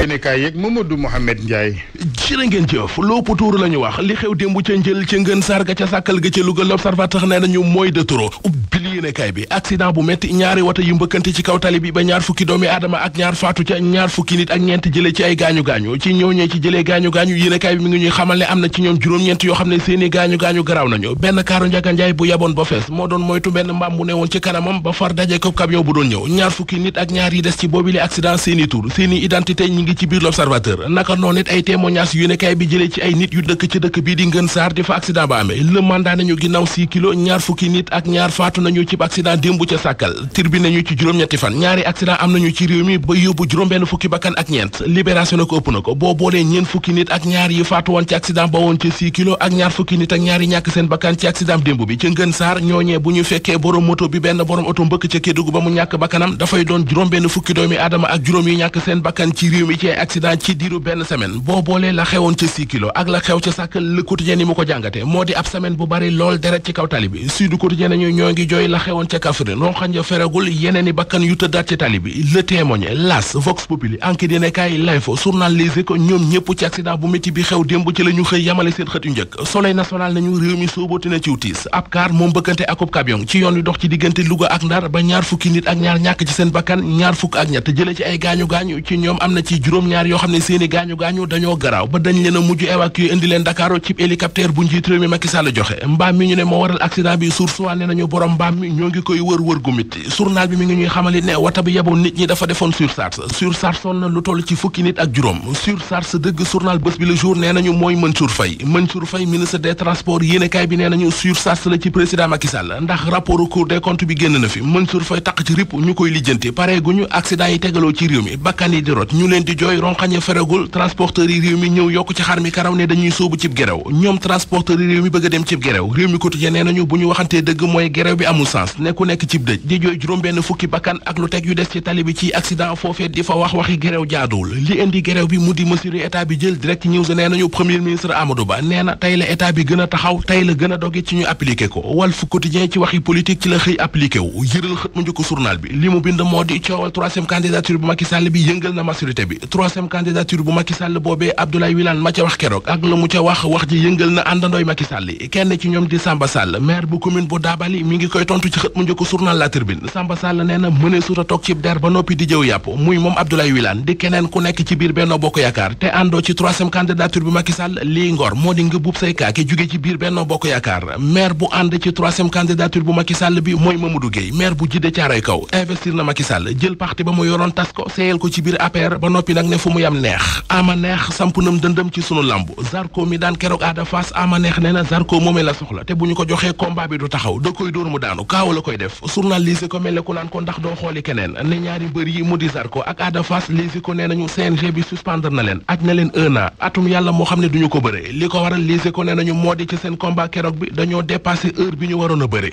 Sénégal yeeg Mamadou Mouhamed Ndiaye. jërë ngeen jëf loppu tuuru la ñu wax li xew démb ca njël ca ngën sarga ca sàkkal ga ca Louga l'observateur nee nañu mooy de trop. yéenekaay bi accident bu metti ñaari wata yu mbëkkante ci kaw tali bi ba ñaar fukki doomi aadama ak ñaar faatu ca ñaar fukki nit ak ñeent jëlee ci ay gaañu-gaañu yéenekaay bi mi ngi ñuy xamal ne am na ci ñoom juróom-ñeent yoo xam ne seeni gaañu-gaañu garaaw nañu benn kaaru njaganjaay bu yaboon ba fees moo doon moytu benn mbaam bu ne woon ci kanamam ba far daje ko camion bu doon ñëw ñaar fukki nit ak ñaar yi des ci boobile accident seeni seeni identité ñi ci accident démb ca sàkkal tribune ñu ci juróom-ñetti fan ñaari accident am nañu ci réew mi ba yóbbu juróom-benn fukki bakkan ak ñeent libération na ko ëpp na ko boo boolee ñeent fukki nit ak ñaar yi faatu woon ci accident ba woon ca 6 kilo ak ñaar fukki nit ak ñaari ñàkk seen bakkan ci accident démb bi ca ngën saar ñooñee bu ñu fekkee borom moto bi benn borom oto mbëkk ca Kédougou ba mu ñàkk bakkanam dafay doon juróom-benn fukki doomi aadama ak juróom yu ñàkk seen bakkan ci réew mi ci accident boo boolee la xewoon ca 6 ko jàngate moo di ab semaine bu bari lool deret ci kaw tali bi sud quotidien nañu la la xewoon ca Kaffrine ronxañ ja yeneen i bakkan yu tëddaat ci tali bi Le Témoin L'As Vox Populi Enquête yéenekaay L'Info journal Les Échos ñoom ñëpp ci accident bu métti bi xew démb ci la xëy yamale seen xët yu njëkk Soleil national nañu réew mi sóobooti na ciw tiis ab kaar moom bëkkante akub camion ci yoon wi dox ci diggante Louga ak Ndar ba ñaar fukki nit ak ñaar ñàkk ci seen bakkan ñaar fukk ak ñett jële ci ay gaañu-gaañu ci ñoom am na ci juróom yoo ne seeni gaañu-gaañu dañoo a mujj mi ñoo ngi koy wër wër gu metti journal bi mi ngi ñuy xamalit ne wata bi yaboon nit ñi dafa defoon surcharge surcharge soon na lu toll ci fukki nit ak juróom surcharge dëgg journal bés bi le jour nee nañu mooy Mansour Faye Mansour Faye ministre des transports yéenekaay bi nee nañu surcharge la ci président Macky ndax rapport Cour des comptes bi génn na fi Mansour Faye taq ci ripp ñu koy lijjanti pare gu ñu accident yi tegaloo ci réew mi bakkan yi di rot ñu leen di jooy ronxañe feragul transporteurs yi réew mi ñëw yokk ci xar mi karaw ne dañuy sóobu cib gerew ñoom transporteurs yi réew mi bëgg a dem cib gerew réew bu ñu waxantee dëgg mooy gerew bi sens ne ku nekk cib dëj di jooy juróom-benn fukki bakkan ak lu teg yu des ci tali bi ci accident foofee di fa wax waxi gerew jaaduwul li indi gerew bi mu di mesure état bi jël direct news nee nañu premier ministre Amadou Ba nee na tey la état bi gën a taxaw tey la gën doge ci ñu appliqué ko Walf Quotidien ci waxi politique ci la xëy appliqué wu yëral xët mu njëkk journal bi li mu bind moo di coowal troisième candidature bu Macky Sall bi yëngal na majorité ma ca wax keroog ak la mu ca wax tontu ci xët mënee suta toog ci der ba noppi di jëw yàpp muy moom Abdoulaye Wilane di keneen ku nekk ci biir Benno Bokk Yaakaar te àndoo ci troisième candidature bi Macky Sall lii ngor moo di nga buub say kaake jóge ci biir Benno Bokk Yaakaar maire bu ànd ci troisième candidature bu Macky Sall bi mooy Mamadou Gueye maire bu jidde caaray kaw investir na Macky Sall jël parti ba mu yoroon tas ko seeyal ko ci biir APR ba noppi nag ne fu mu yam neex gaaw la koy def journal Les Échos mel naan ko ndax doo xooli keneen ne ñaari bër yi mu di Zarko ak Ada Fass Les Échos nee nañu CNG bi suspendre na leen aj na leen un an atum yàlla moo xam ne duñu ko bëre li ko waral Les Échos nee nañu moo di ci seen combat keroog bi dañoo dépassé heure bi ñu waroon a bëre